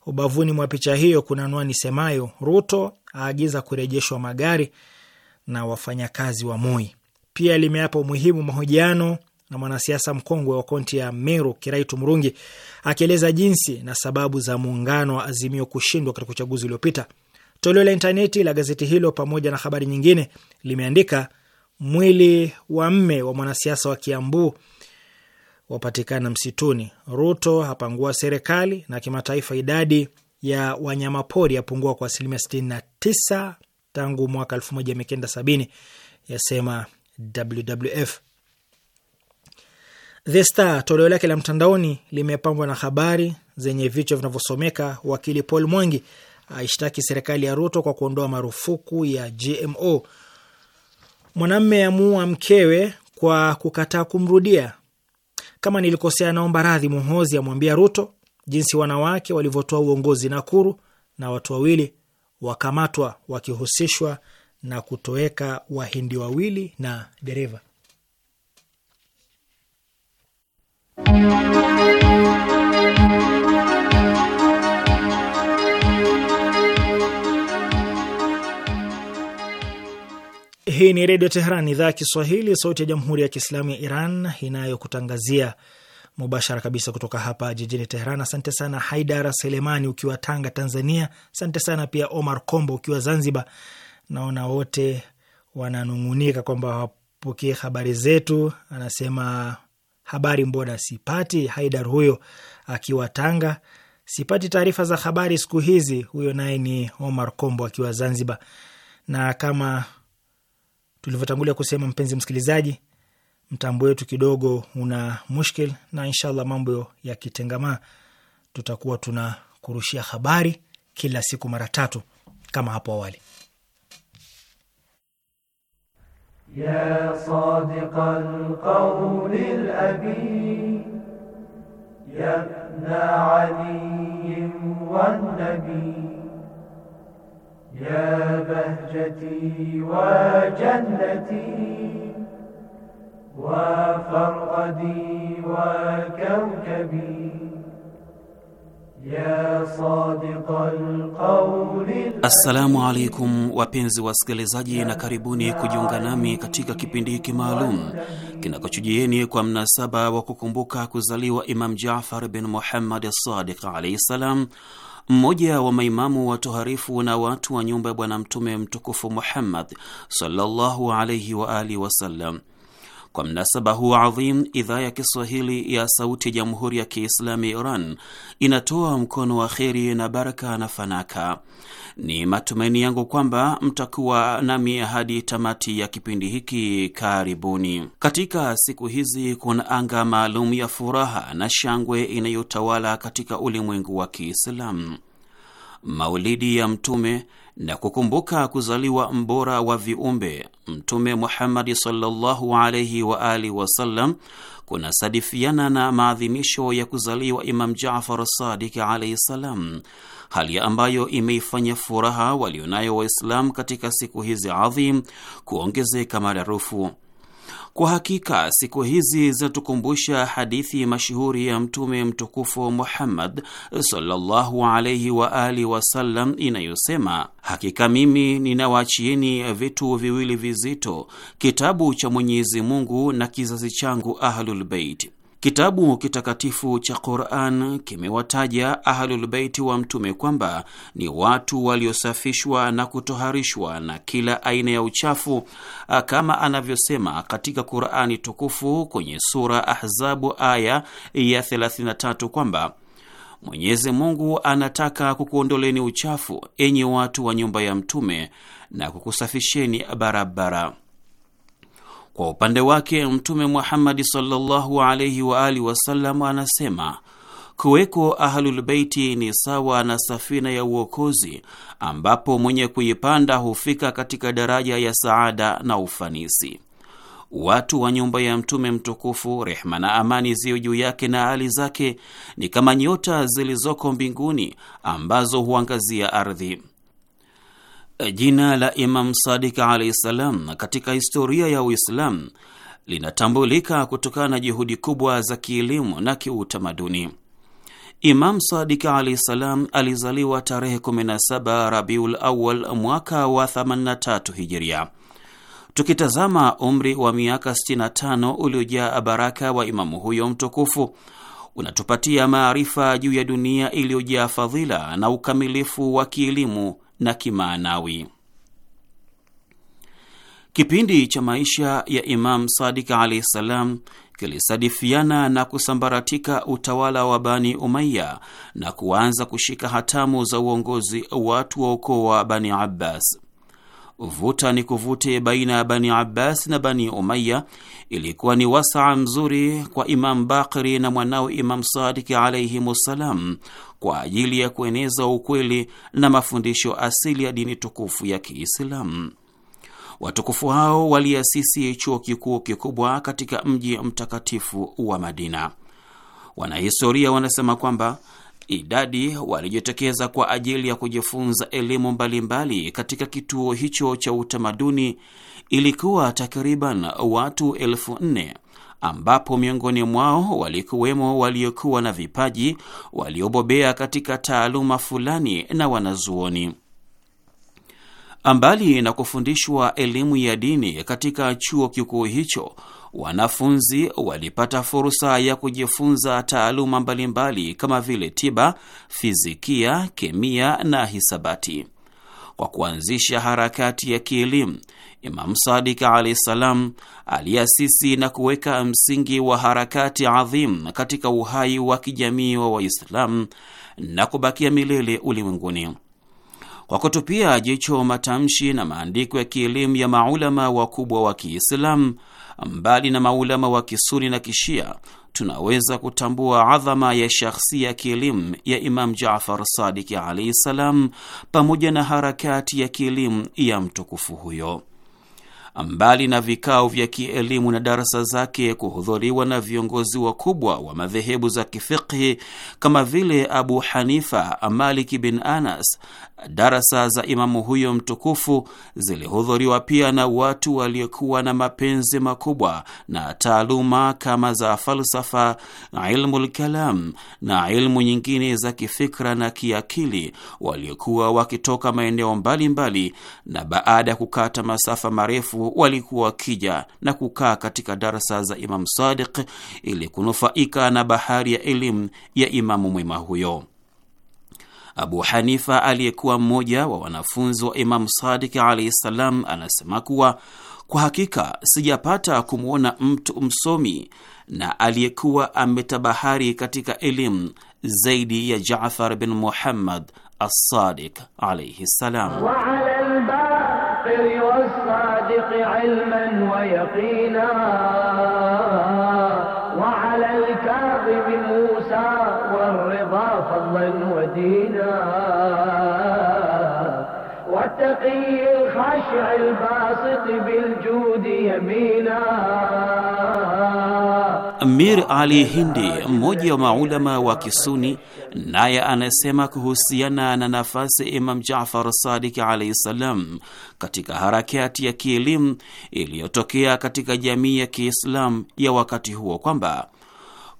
Ubavuni mwa picha hiyo kuna anwani semayo, Ruto aagiza kurejeshwa magari na wafanyakazi wa Moi. Pia limeapa umuhimu mahojiano na mwanasiasa mkongwe wa kaunti ya Meru Kiraitu Murungi akieleza jinsi na sababu za muungano wa Azimio kushindwa katika uchaguzi uliopita. Toleo la intaneti la gazeti hilo pamoja na habari nyingine limeandika mwili wa mme wa mwanasiasa wa Kiambu wapatikana msituni, Ruto hapangua serikali, na kimataifa, idadi ya wanyamapori yapungua kwa asilimia 69 tangu mwaka 1970 yasema WWF. The Star toleo lake la mtandaoni limepambwa na habari zenye vichwa vinavyosomeka: wakili Paul Mwangi aishtaki serikali ya Ruto kwa kuondoa marufuku ya GMO; mwanamme amuua mkewe kwa kukataa kumrudia; kama nilikosea naomba radhi, Muhozi amwambia Ruto; jinsi wanawake walivyotoa uongozi Nakuru; na watu wawili wakamatwa wakihusishwa na kutoweka wahindi wawili na dereva. Hii ni Redio Teheran, idhaa ya Kiswahili, sauti ya Jamhuri ya Kiislamu ya Iran inayokutangazia mubashara kabisa kutoka hapa jijini Teheran. Asante sana Haidara Selemani ukiwa Tanga, Tanzania. Asante sana pia Omar Kombo ukiwa Zanzibar. Naona wote wananung'unika kwamba wapokee habari zetu. Anasema habari mbona sipati? Haidar huyo akiwa Tanga. Sipati taarifa za habari siku hizi. Huyo naye ni Omar Kombo akiwa Zanzibar. Na kama tulivyotangulia kusema, mpenzi msikilizaji, mtambo wetu kidogo una mushkil, na inshallah mambo yakitengamaa, tutakuwa tuna kurushia habari kila siku mara tatu kama hapo awali. يا صادق القول الأبي يا ابن علي والنبي يا بهجتي وجنتي وفرأدي وكوكبي Assalamu alaikum wapenzi wasikilizaji, na karibuni kujiunga nami katika kipindi hiki maalum kinakochujieni kwa mnasaba wa kukumbuka kuzaliwa Imam Jafar bin Muhammad Sadiq alaihi salam, mmoja wa maimamu watoharifu na watu wa nyumba ya Bwana Mtume mtukufu Muhammad sallallahu alaihi waalihi wasallam wa kwa mnasaba huu adhim, idhaa ya Kiswahili ya Sauti ya Jamhuri ya Kiislami ya Iran inatoa mkono wa kheri na baraka na fanaka. Ni matumaini yangu kwamba mtakuwa nami hadi tamati ya kipindi hiki. Karibuni. Katika siku hizi kuna anga maalum ya furaha na shangwe inayotawala katika ulimwengu wa Kiislamu maulidi ya Mtume na kukumbuka kuzaliwa mbora wa viumbe Mtume Muhammadi sallallahu alaihi wa alihi wasallam kunasadifiana na maadhimisho ya kuzaliwa Imam Jafar Sadik alaihi salam, hali ambayo imeifanya furaha walionayo Waislamu katika siku hizi adhim kuongezeka maradufu. Kwa hakika siku hizi zatukumbusha hadithi mashuhuri ya Mtume mtukufu Muhammad sallallahu alaihi wa wasallam inayosema, hakika mimi ninawaachieni vitu viwili vizito, kitabu cha Mwenyezi Mungu na kizazi changu Ahlulbeit. Kitabu kitakatifu cha Quran kimewataja Ahlulbeiti wa Mtume kwamba ni watu waliosafishwa na kutoharishwa na kila aina ya uchafu, kama anavyosema katika Qurani tukufu kwenye sura Ahzabu aya ya 33 kwamba Mwenyezi Mungu anataka kukuondoleni uchafu, enyi watu wa nyumba ya Mtume, na kukusafisheni barabara. Kwa upande wake Mtume Muhammadi sallallahu alaihi waalihi wasallam anasema kuweko Ahlulbeiti ni sawa na safina ya uokozi ambapo mwenye kuipanda hufika katika daraja ya saada na ufanisi. Watu wa nyumba ya Mtume mtukufu, rehma na amani ziyo juu yake na hali zake, ni kama nyota zilizoko mbinguni ambazo huangazia ardhi. Jina la Imam Sadik alaihi ssalam katika historia ya Uislamu linatambulika kutokana na juhudi kubwa za kielimu na kiutamaduni. Imam Sadik alaihi ssalam alizaliwa tarehe 17 Rabiul Awal mwaka wa 83 Hijiria. Tukitazama umri wa miaka 65 uliojaa baraka wa imamu huyo mtukufu unatupatia maarifa juu ya dunia iliyojaa fadhila na ukamilifu wa kielimu na kimaanawi. Kipindi cha maisha ya Imam Sadik alaihi ssalam kilisadifiana na kusambaratika utawala wa Bani Umaya na kuanza kushika hatamu za uongozi watu wa ukoo wa Bani Abbas vuta ni kuvute baina ya Bani Abbas na Bani Umaya ilikuwa ni wasaa mzuri kwa Imam Bakri na mwanawe Imam Sadiki ssalam kwa ajili ya kueneza ukweli na mafundisho asili ya dini tukufu ya Kiislamu. Watukufu hao waliasisi chuo kikuu kikubwa katika mji mtakatifu wa Madina. Wanahistoria wanasema kwamba Idadi walijitokeza kwa ajili ya kujifunza elimu mbalimbali katika kituo hicho cha utamaduni ilikuwa takriban watu elfu nne ambapo miongoni mwao walikuwemo waliokuwa na vipaji, waliobobea katika taaluma fulani na wanazuoni. ambali na kufundishwa elimu ya dini katika chuo kikuu hicho, wanafunzi walipata fursa ya kujifunza taaluma mbalimbali kama vile tiba, fizikia, kemia na hisabati. Kwa kuanzisha harakati ya kielimu, Imamu Sadik alahi salam aliasisi na kuweka msingi wa harakati adhim katika uhai wa kijamii wa Waislamu na kubakia milele ulimwenguni. Kwa kutupia jicho matamshi na maandiko ya kielimu ya maulama wakubwa wa Kiislamu, mbali na maulama wa kisuni na kishia, tunaweza kutambua adhama ya shakhsia ya kielimu ya Imam Jafar Sadiki alaihi ssalam, pamoja na harakati ya kielimu ya mtukufu huyo mbali na vikao vya kielimu na darasa zake kuhudhuriwa na viongozi wakubwa wa madhehebu za kifiqhi kama vile Abu Hanifa, Maliki bin Anas. Darasa za imamu huyo mtukufu zilihudhuriwa pia na watu waliokuwa na mapenzi makubwa na taaluma kama za falsafa, ilmu lkalam na ilmu nyingine za kifikra na kiakili, waliokuwa wakitoka maeneo mbalimbali, na baada ya kukata masafa marefu walikuwa wakija na kukaa katika darasa za Imamu Sadiq ili kunufaika na bahari ya elimu ya imamu mwema huyo. Abu Hanifa aliyekuwa mmoja wa wanafunzi wa Imamu Sadiq alaihi ssalam, anasema kuwa kwa hakika sijapata kumwona mtu msomi na aliyekuwa ametabahari katika elimu zaidi ya Jafar bin Muhammad Assadik alaihi ssalam. الحق علما ويقينا وعلى الكاظم موسى والرضا فضلا ودينا والتقي الخاشع الباسط بالجود يمينا Amir Ali Hindi, mmoja wa maulama wa Kisuni, naye anasema kuhusiana na nafasi Imam Jaafar Sadiq alayhi salam katika harakati ya kielimu iliyotokea katika jamii ya Kiislamu ya wakati huo kwamba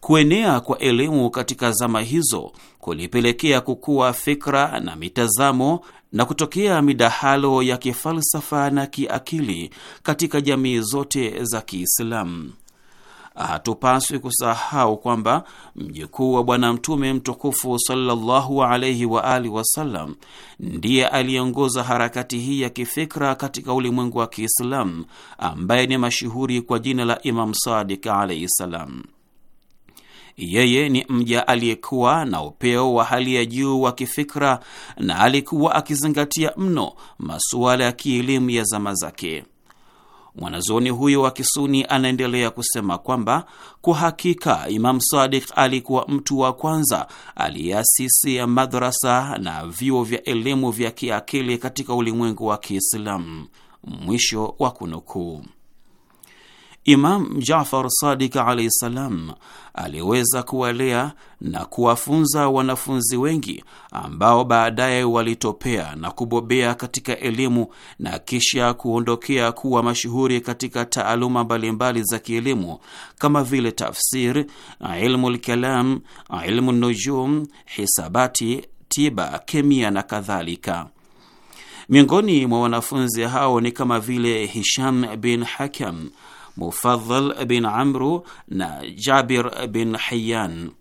kuenea kwa elimu katika zama hizo kulipelekea kukua fikra na mitazamo na kutokea midahalo ya kifalsafa na kiakili katika jamii zote za Kiislamu hatupaswi kusahau kwamba mjukuu wa Bwana Mtume mtukufu sallallahu alaihi wa alihi wasallam ndiye aliyeongoza harakati hii ya kifikra katika ulimwengu wa Kiislamu, ambaye ni mashuhuri kwa jina la Imam Sadik alaihi salam. Yeye ni mja aliyekuwa na upeo wa hali ya juu wa kifikra na alikuwa akizingatia mno masuala ya kielimu ya zama zake mwanazuoni huyo wa Kisuni anaendelea kusema kwamba kwa hakika Imam Sadik alikuwa mtu wa kwanza aliyeasisi ya madrasa na vyuo vya elimu vya kiakili katika ulimwengu wa Kiislamu. Mwisho wa kunukuu. Imam Jafar Sadiq alaihi salam aliweza kuwalea na kuwafunza wanafunzi wengi ambao baadaye walitopea na kubobea katika elimu na kisha kuondokea kuwa mashuhuri katika taaluma mbalimbali za kielimu kama vile tafsir, ilmu lkalam, ilmu nujum, hisabati, tiba, kemia na kadhalika. Miongoni mwa wanafunzi hao ni kama vile Hisham bin Hakam Mufadhal bin Amru na Jabir bin Hayyan.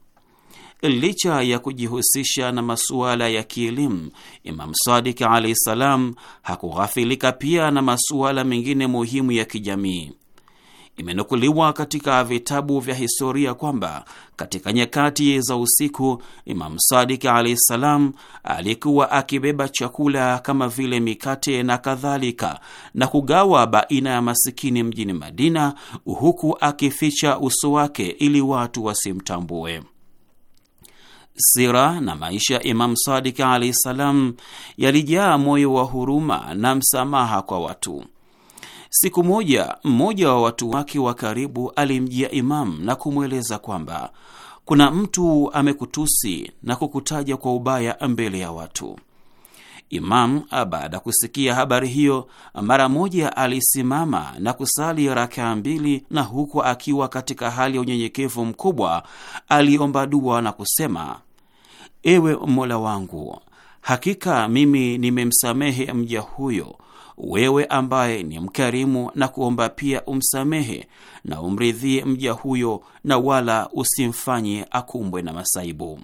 Licha ya kujihusisha na masuala ya kielimu, Imam Sadik alaihi salam hakughafilika pia na masuala mengine muhimu ya kijamii. Imenukuliwa katika vitabu vya historia kwamba katika nyakati za usiku Imamu Sadik alahi ssalam alikuwa akibeba chakula kama vile mikate na kadhalika, na kugawa baina ya masikini mjini Madina, huku akificha uso wake ili watu wasimtambue. Sira na maisha ya Imamu Sadik alahi ssalam yalijaa moyo wa huruma na msamaha kwa watu. Siku moja mmoja wa watu wake wa karibu alimjia Imamu na kumweleza kwamba kuna mtu amekutusi na kukutaja kwa ubaya mbele ya watu. Imamu ah, baada ya kusikia habari hiyo, mara moja alisimama na kusali rakaa mbili, na huku akiwa katika hali ya unyenyekevu mkubwa, aliomba dua na kusema: ewe Mola wangu, hakika mimi nimemsamehe mja huyo wewe ambaye ni mkarimu na kuomba pia umsamehe na umridhie mja huyo na wala usimfanye akumbwe na masaibu.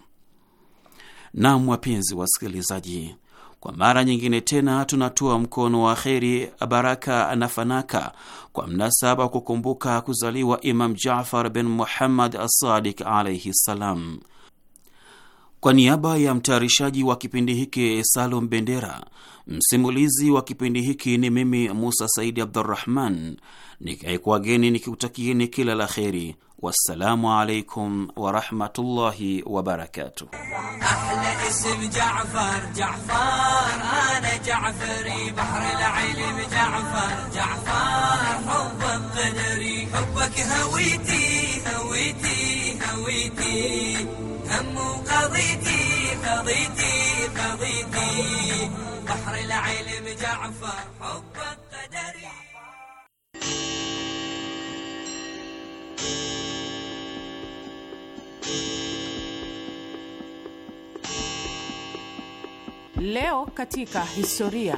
Nam, wapenzi wasikilizaji, kwa mara nyingine tena tunatoa mkono wa kheri, baraka na fanaka kwa mnasaba wa kukumbuka kuzaliwa Imam Jafar bin Muhammad Asadik alaihi ssalam. Kwa niaba ya mtayarishaji wa kipindi hiki Salum Bendera, msimulizi wa kipindi hiki ni mimi Musa Saidi Abdurrahman, nikaekuwageni nikiutakieni kila la kheri. Wassalamu alaikum warahmatullahi wabarakatuh. مضيتي مضيتي بحر العلم جعفر حبك قدري Leo katika historia.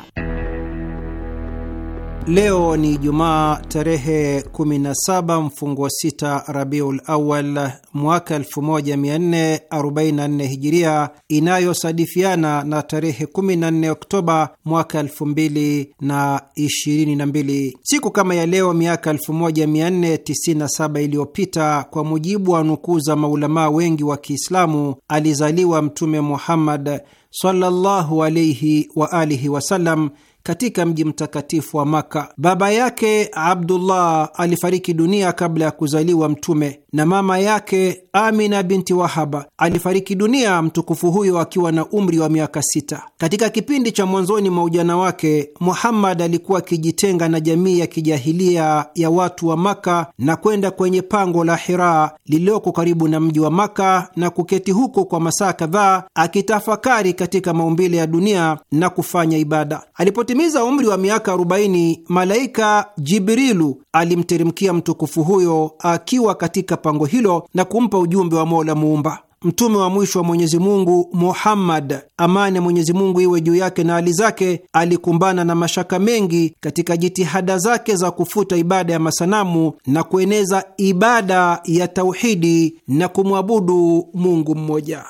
Leo ni Jumaa tarehe 17 mfungo 6 Rabiul Awal mwaka 1444 Hijiria, inayosadifiana na tarehe 14 Oktoba mwaka 2022. Siku kama ya leo miaka 1497 iliyopita, kwa mujibu wa nukuu za maulamaa wengi wa Kiislamu, alizaliwa Mtume Muhammad sallallahu alaihi wa alihi wasallam katika mji mtakatifu wa Maka. Baba yake Abdullah alifariki dunia kabla ya kuzaliwa Mtume, na mama yake Amina binti Wahaba alifariki dunia mtukufu huyo akiwa na umri wa miaka sita. Katika kipindi cha mwanzoni mwa ujana wake, Muhammad alikuwa akijitenga na jamii ya kijahilia ya watu wa Maka na kwenda kwenye pango la Hira lililoko karibu na mji wa Maka na kuketi huko kwa masaa kadhaa akitafakari katika maumbile ya dunia na kufanya ibada Alipote Alipotimiza umri wa miaka 40 malaika Jibrilu alimteremkia mtukufu huyo akiwa katika pango hilo na kumpa ujumbe wa Mola Muumba. Mtume wa mwisho wa Mwenyezi Mungu Muhammad, amani ya Mwenyezi Mungu iwe juu yake na hali zake, alikumbana na mashaka mengi katika jitihada zake za kufuta ibada ya masanamu na kueneza ibada ya tauhidi na kumwabudu Mungu mmoja.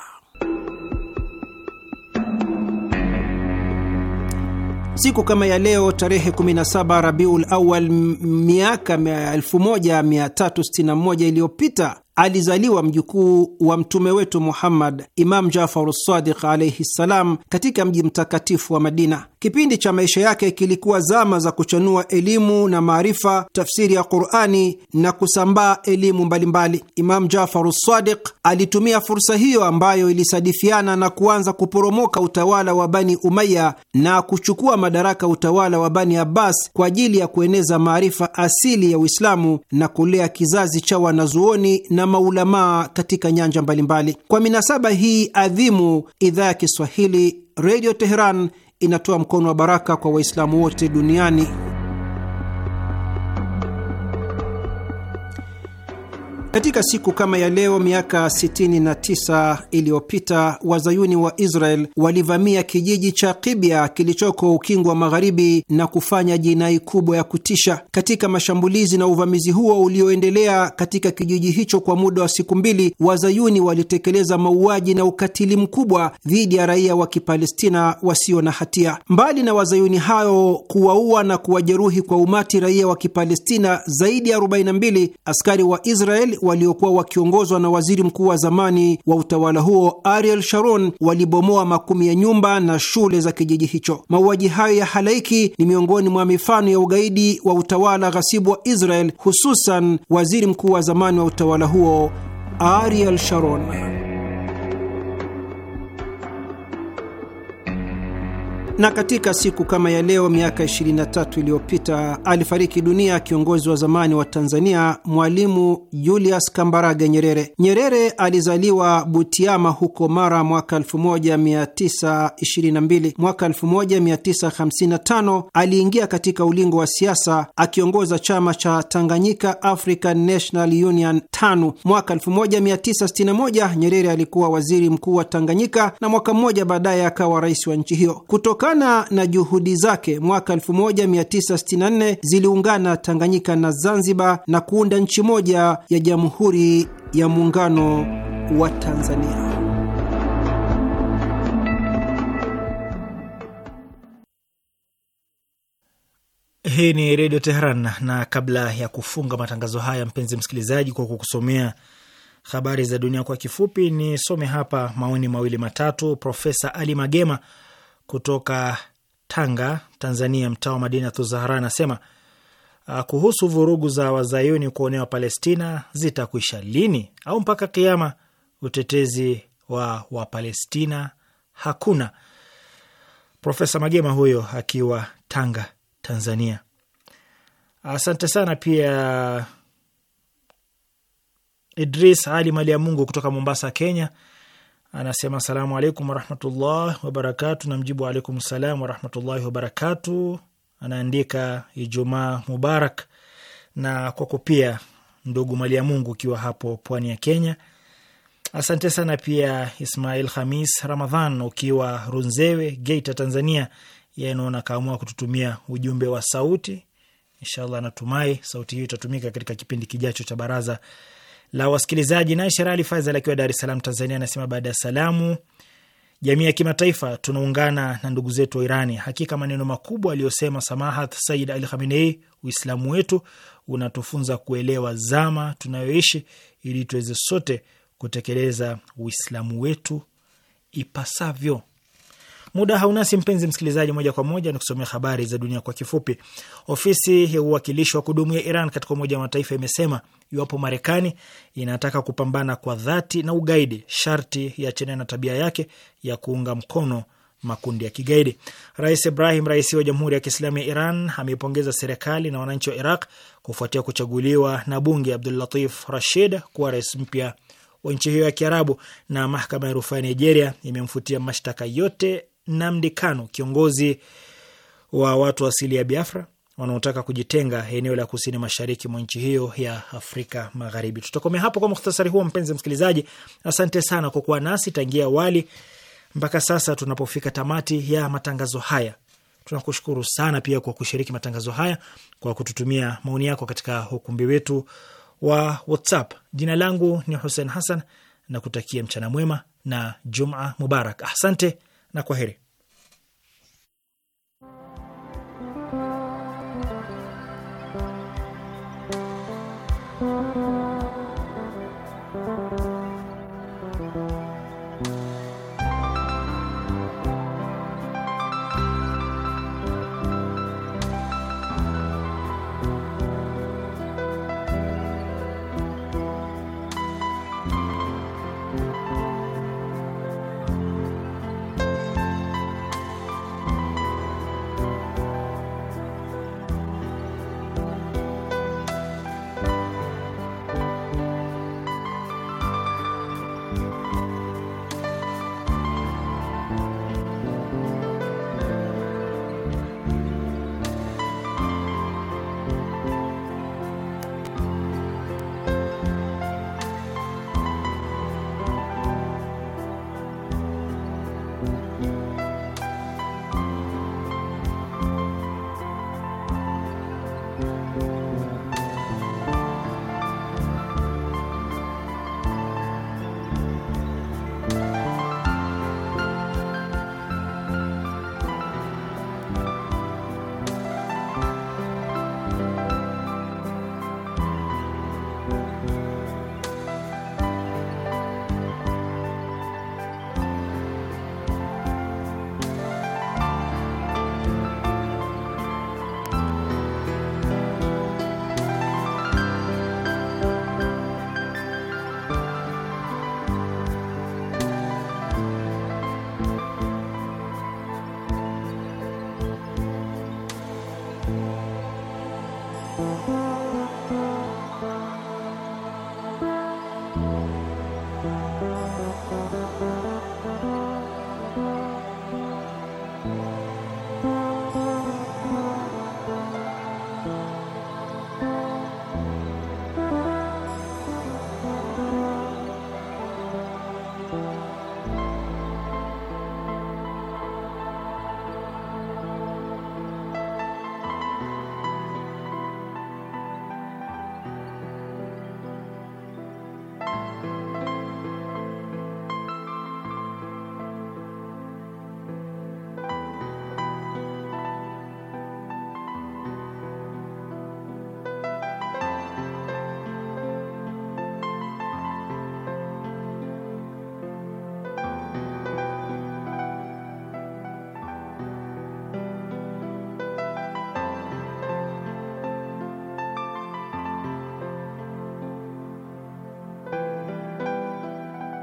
Siku kama ya leo tarehe 17 Rabiul Awal miaka 1361 iliyopita alizaliwa mjukuu wa mtume wetu Muhammad, Imam Jafar Sadiq alaihi ssalam, katika mji mtakatifu wa Madina. Kipindi cha maisha yake kilikuwa zama za kuchanua elimu na maarifa, tafsiri ya Qurani na kusambaa elimu mbalimbali. Imam Jafar Sadiq alitumia fursa hiyo ambayo ilisadifiana na kuanza kuporomoka utawala wa Bani Umaya na kuchukua madaraka utawala wa Bani Abbas kwa ajili ya kueneza maarifa asili ya Uislamu na kulea kizazi cha wanazuoni na na maulamaa katika nyanja mbalimbali. Kwa minasaba hii adhimu, idhaa ya Kiswahili Redio Teheran inatoa mkono wa baraka kwa Waislamu wote duniani. Katika siku kama ya leo miaka 69 iliyopita wazayuni wa Israel walivamia kijiji cha Kibya kilichoko ukingo wa magharibi na kufanya jinai kubwa ya kutisha. Katika mashambulizi na uvamizi huo ulioendelea katika kijiji hicho kwa muda wa siku mbili, wazayuni walitekeleza mauaji na ukatili mkubwa dhidi ya raia wa Kipalestina wasio na hatia. Mbali na wazayuni hayo kuwaua na kuwajeruhi kwa umati raia wa Kipalestina zaidi ya 42, askari wa Israel waliokuwa wakiongozwa na waziri mkuu wa zamani wa utawala huo Ariel Sharon walibomoa makumi ya nyumba na shule za kijiji hicho. Mauaji hayo ya halaiki ni miongoni mwa mifano ya ugaidi wa utawala ghasibu wa Israel, hususan waziri mkuu wa zamani wa utawala huo Ariel Sharon. Na katika siku kama ya leo miaka 23 iliyopita alifariki dunia kiongozi wa zamani wa Tanzania, Mwalimu Julius Kambarage Nyerere. Nyerere alizaliwa Butiama huko Mara mwaka 1922. Mwaka 1955 aliingia katika ulingo wa siasa akiongoza chama cha Tanganyika African National Union TANU. Mwaka 1961 Nyerere alikuwa waziri mkuu wa Tanganyika na mwaka mmoja baadaye akawa rais wa nchi hiyo. Kutoka Kutokana na juhudi zake, mwaka 1964 ziliungana Tanganyika na Zanzibar na kuunda nchi moja ya Jamhuri ya Muungano wa Tanzania. Hii ni Redio Teheran, na kabla ya kufunga matangazo haya, mpenzi msikilizaji, kwa kukusomea habari za dunia kwa kifupi, nisome hapa maoni mawili matatu. Profesa Ali Magema kutoka Tanga, Tanzania, mtaa wa Madinatu Zahra, anasema ah, kuhusu vurugu za wazayuni kuonewa Palestina zitakwisha lini? Au mpaka kiama? Utetezi wa Wapalestina hakuna. Profesa Magema huyo akiwa Tanga, Tanzania. Asante sana pia Idris Ali Mali ya Mungu kutoka Mombasa, Kenya, anasema asalamu alaikum warahmatullah wabarakatu, na mjibu alaikum salam warahmatullahi wabarakatu. Anaandika Ijumaa mubarak na kwako pia ndugu mali ya Mungu ukiwa hapo pwani ya Kenya. Asante sana pia Ismail Hamis Ramadhan ukiwa Runzewe, Geita, Tanzania. Yeye anaona kaamua kututumia ujumbe wa sauti. Inshallah, natumai sauti hiyo itatumika katika kipindi kijacho cha baraza la wasikilizaji. Naye Sherali Fazel akiwa Dar es Salaam, Tanzania, anasema baada ya salamu, jamii ya kimataifa tunaungana na ndugu zetu wa Irani. Hakika maneno makubwa aliyosema Samahat Said Ali Khamenei, Uislamu wetu unatufunza kuelewa zama tunayoishi ili tuweze sote kutekeleza Uislamu wetu ipasavyo. Muda haunasi, mpenzi msikilizaji, moja kwa moja ni kusomea habari za dunia kwa kifupi. Ofisi ya uwakilishi wa kudumu ya Iran katika Umoja wa Mataifa imesema iwapo Marekani inataka kupambana kwa dhati na ugaidi, sharti iachane na tabia yake ya kuunga mkono makundi ya kigaidi. Rais Ibrahim Raisi wa Jamhuri ya Kiislamu ya Iran ameipongeza serikali na wananchi wa Iraq kufuatia kuchaguliwa na bunge Abdul Latif Rashid kuwa rais mpya wa nchi hiyo ya Kiarabu. Na mahakama ya rufaa ya Nigeria imemfutia mashtaka yote Namdi Kano, kiongozi wa watu asili ya Biafra wanaotaka kujitenga eneo la kusini mashariki mwa nchi hiyo ya Afrika Magharibi. Tutakomea hapo kwa mukhtasari huo, mpenzi msikilizaji. Asante sana kwa kuwa nasi tangia wali mpaka sasa tunapofika tamati ya matangazo haya. Tunakushukuru sana pia kwa kushiriki matangazo haya kwa kututumia maoni yako katika ukumbi wetu wa WhatsApp. Jina langu ni Hussein Hassan na kutakia mchana mwema na Juma Mubarak. Asante na kwa heri.